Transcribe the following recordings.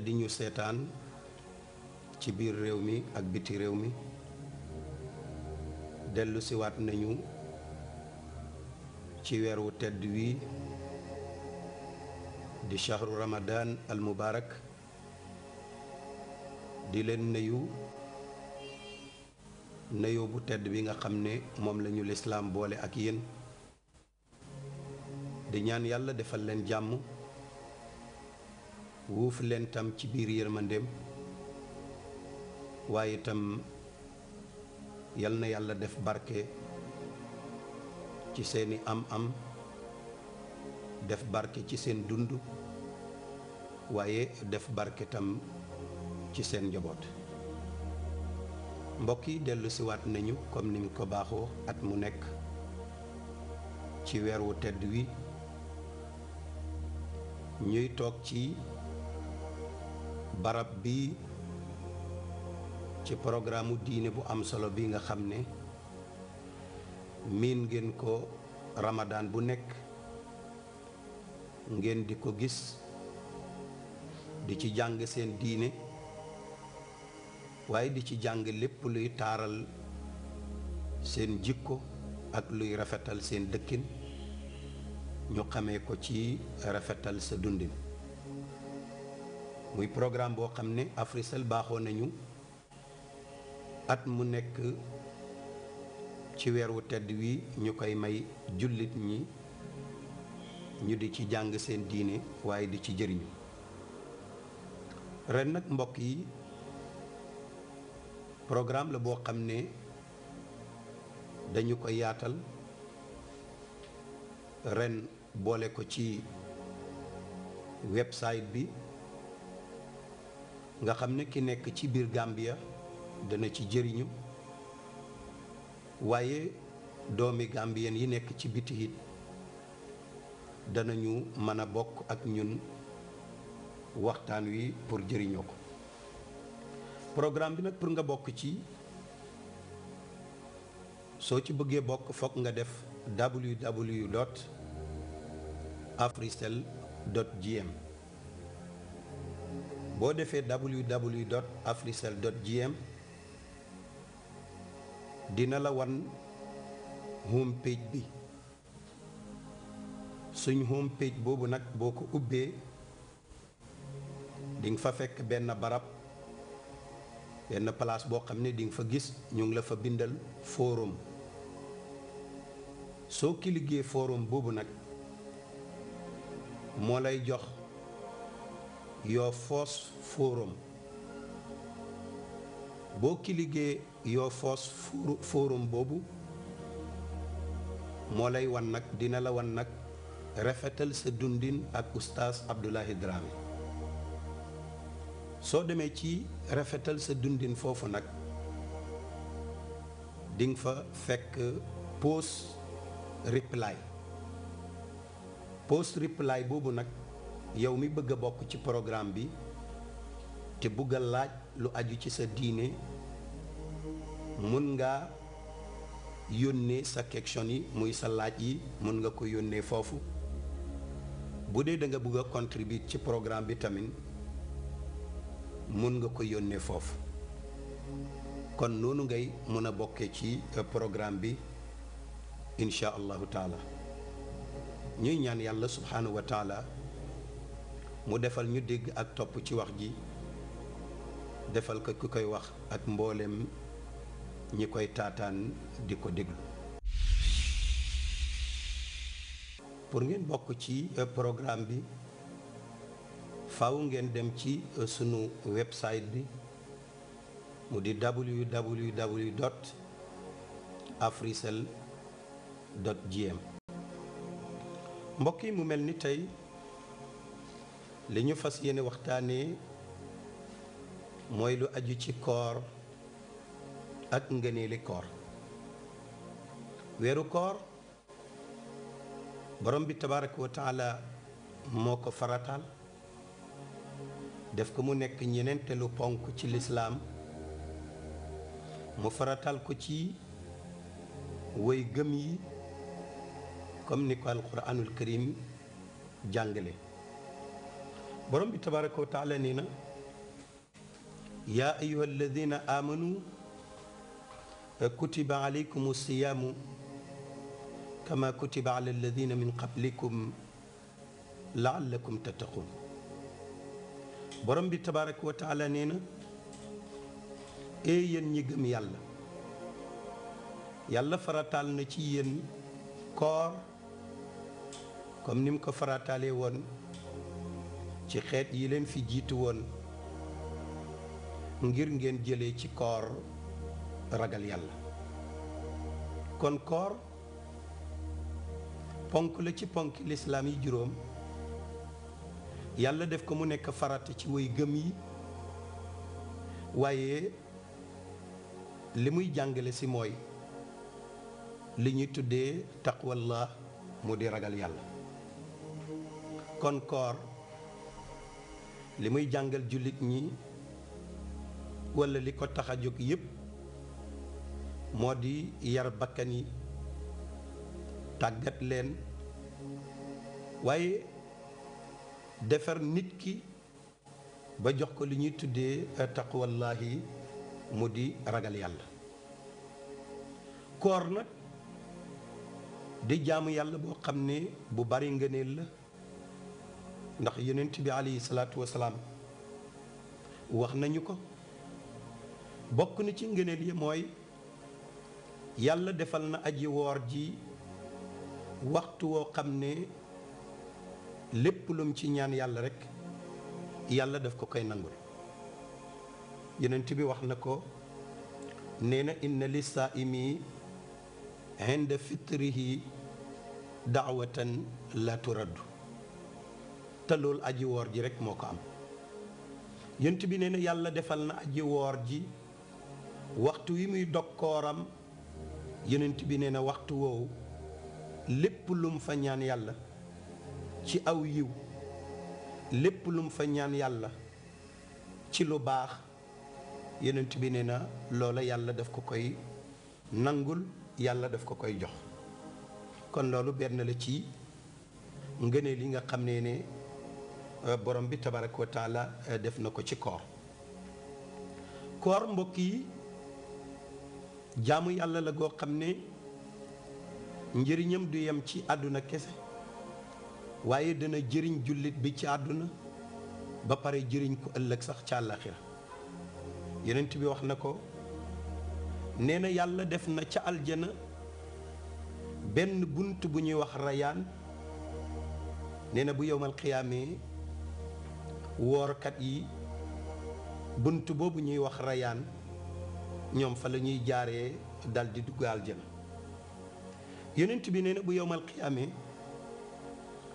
di ñu seetaan ci biir réew mi ak biti réew mi dellu siwaat nañu ci weer wu tedd wii di shahru ramadan al mubarak di leen nuyu nuyoo bu tedd bi nga xam ne moom lañu lislaam boole ak yéen di ñaan yàlla defal leen jàmm wuuf leen tam ci biir yërmandeem waaye itam yal na yàlla def barke ci seeni am-am def barke ci seen dund waaye def barke tam ci seen njaboot mbokk yi dellu nañu comme ni ko baaxoo at mu nekk ci weer wu tedd wi ñuy toog ci barab bi ci programme diine bu am solo bi nga xam ne miin ngeen ko ramadaan bu nekk ngeen di ko gis di ci jàng seen diine waaye di ci jàng lépp luy taaral seen jikko ak luy rafetal seen dëkkin ñu xamee ko ci rafetal sa dundin muy programme boo xam ne Africell baaxoo nañu at mu nekk ci weer wu tedd wi ñu koy may jullit ñi ñu di ci jàng seen diine waaye di ci jëriñu ren nag mbokk yi programme la boo xam ne dañu ko yaatal ren boole ko ci website bi nga xam ne ki nekk ci biir Gambia dana ci jëriñu waaye doomi Gambien yi nekk ci biti it danañu mën a bokk ak ñun waxtaan wi pour jëriñu ko programme bi nag pour nga bokk ci soo ci bëggee bokk fokk nga def www dot africell dot gm boo defee www dot africell dot gm dina la wan home bi suñ home boobu nag boo ko ubbee dinga fa fekk benn barab benn place boo xam ne dinga fa gis ñu ngi la fa bindal forum soo kiligee forum boobu nag moo lay jox your first forum boo kiligee your first forum boobu moo lay wan nag dina la wan nag rafetal sa dundin ak oustaz Abdoulaye Dramé soo demee ci rafetal sa dundin foofu nag dinga fa fekk post reply post reply boobu nag yow mi bëgg a bokk ci programme bi te bëgg a laaj lu aju ci sa diine mun nga yónnee sa question yi muy sa laaj yi mun nga ko yónnee foofu bu dee da nga bëgg a contribuer ci programme bi tamit mun nga ko yónnee foofu kon noonu ngay mën a bokkee ci euh, programme bi incha allahu taala ñuy ñaan yàlla subhanahu wa mu defal ñu dégg ak topp ci wax ji defal ko ku koy wax ak mbooleem ñi koy taataan di ko déglu pour ngeen bokk ci euh, programme bi faw ngeen dem ci euh, sunu website bi mu di www dot africell dot gm mbokk yi mu mel ni tey li ñu fas yéene waxtaanee mooy lu aju ci koor ak ngëneeli koor weeru koor borom bi tabaraka wa moo ko faratal def ko mu nekk ñeneenteelu ponk ci lislaam mu faratal ko ci way gëm yi comme ni ko alquranul karim jàngale borom bi tabaraka wa taala nee na yaa ayuha alladina amanu kutiba alaykum alsiyamu kama kutiba ala alladina min qablikum laallakum tattaqun borom bi tabaraka wa taala nee na ee yéen ñi gëm yàlla yàlla farataal na ci yéen koor comme ni mu ko farataalee woon ci xeet yi leen fi jiitu woon ngir ngeen jëlee ci koor ragal yàlla kon koor ponk la ci ponk lislaam yi juróom yàlla def ko mu nekk farata ci way gëm yi waaye li muy jàngale si mooy li ñuy tuddee taqwallah mu di ragal yàlla kon koor li muy jàngal jullit ñi walla li ko tax a jóg yépp moo di yar bakkan yi tàggat leen waaye defar nit ki ba jox ko li ñuy tuddee taqwallahi mu di ragal yàlla koor nag di jaamu yàlla boo xam ne bu bari ngëneel la ndax yonent bi alayhi salaatu wasalaam wax nañu ko bokk na ci ngëneel yi mooy yàlla defal na aji woor ji waxtu woo xam ne lépp lum ci ñaan yàlla rekk yàlla def ko koy nangul yonent bi wax na ko nee na inna li saaimi inda fitrihi daawatan laatu turaddu te loolu aji woor ji rek moo ko am yent bi nee na yàlla defal na aji woor ji waxtu wi muy dog kooram bi nee na waxtu woowu lépp lum fa ñaan yàlla ci aw yiw lépp lum fa yàlla ci lu baax yenent bi nee na loola yàlla daf ko koy nangul yàlla daf ko koy jox kon loolu benn la ci ngëneel yi nga xam ne ne Eh, borom bi tabaraka wa eh, def na ko ci koor koor mbokk yi jaamu yàlla la goo xam ne njëriñam du yem ci àdduna kese waaye dana jëriñ jullit bi ci àdduna ba pare jëriñ ko ëllëg sax ca àllaxira yonent bi wax na ko neena yàlla def na ca aljana benn bunt bu ñuy wax rayaan nee na bu yowmal xiyaamee woorkat yi bunt boobu ñuy wax rayaan ñoom fa la ñuy jaaree dal di dugg aljana yonent bi nee na bu yowmal qiyaame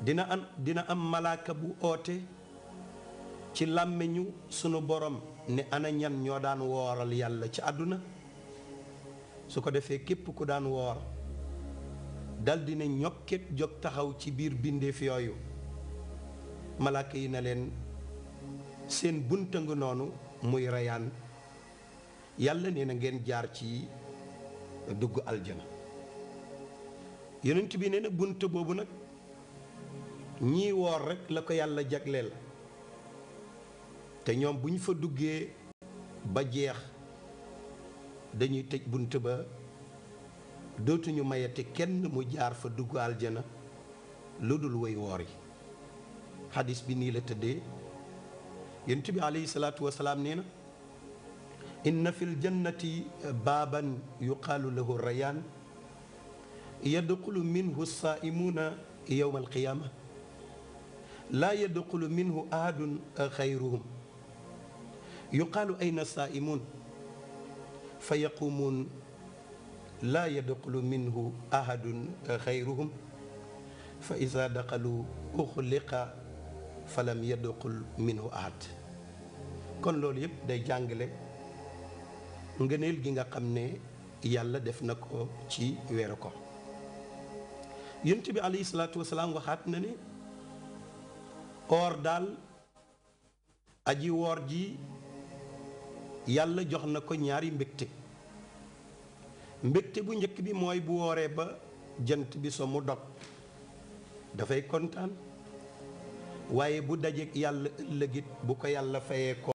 dina am dina am malaaka bu oote ci làmmiñu sunu boroom ne ana ñan ñoo daan wooral yàlla ci àdduna su ko defee képp ku daan woor daldi dina ñokket jog taxaw ci biir bindeef yooyu malaaka yi na leen seen bunta nga noonu muy rayaan yàlla nee na ngeen jaar ci dugg aljana yonent bi nee bunt boobu nag ñii woor rekk la ko yàlla jagleel te ñoom bu ñu fa duggee ba jeex dañuy tëj bunt ba dootuñu mayati kenn mu jaar fa dugg aljana lu dul woy woor yi xadis bi nii la tëddee ينتبه عليه الصلاة والسلام نينا إن في الجنة بابا يقال له الريان يدخل منه الصائمون يوم القيامة لا يدخل منه أحد خيرهم يقال أين الصائمون فيقومون لا يدخل منه أحد خيرهم فإذا دخلوا أخلق falam yadduqul minhu ahad kon loolu yëpp day jàngale ngëneel gi nga xam ne yàlla def na ko ci weeru ko yonent bi alayhi salaatu waxaat na ne or daal aji woor ji yàlla jox na ko ñaari mbégte mbégte bu njëkk bi mooy bu wooree ba jant bi so mu dog dafay kontaan waaye bu dajeek yàlla ëllëgit bu ko yàlla fayee ko